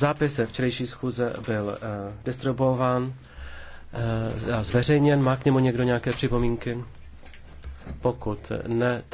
Zápis včerejší schůze byl eh, distribuován eh, a zveřejněn. Má k němu někdo nějaké připomínky? Pokud ne,